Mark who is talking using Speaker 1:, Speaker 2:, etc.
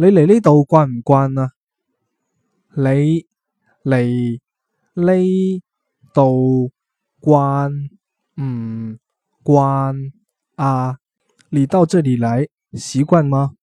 Speaker 1: 你嚟呢度慣唔慣啊？你嚟呢度慣唔、嗯、慣啊？你到這裏來習慣嗎？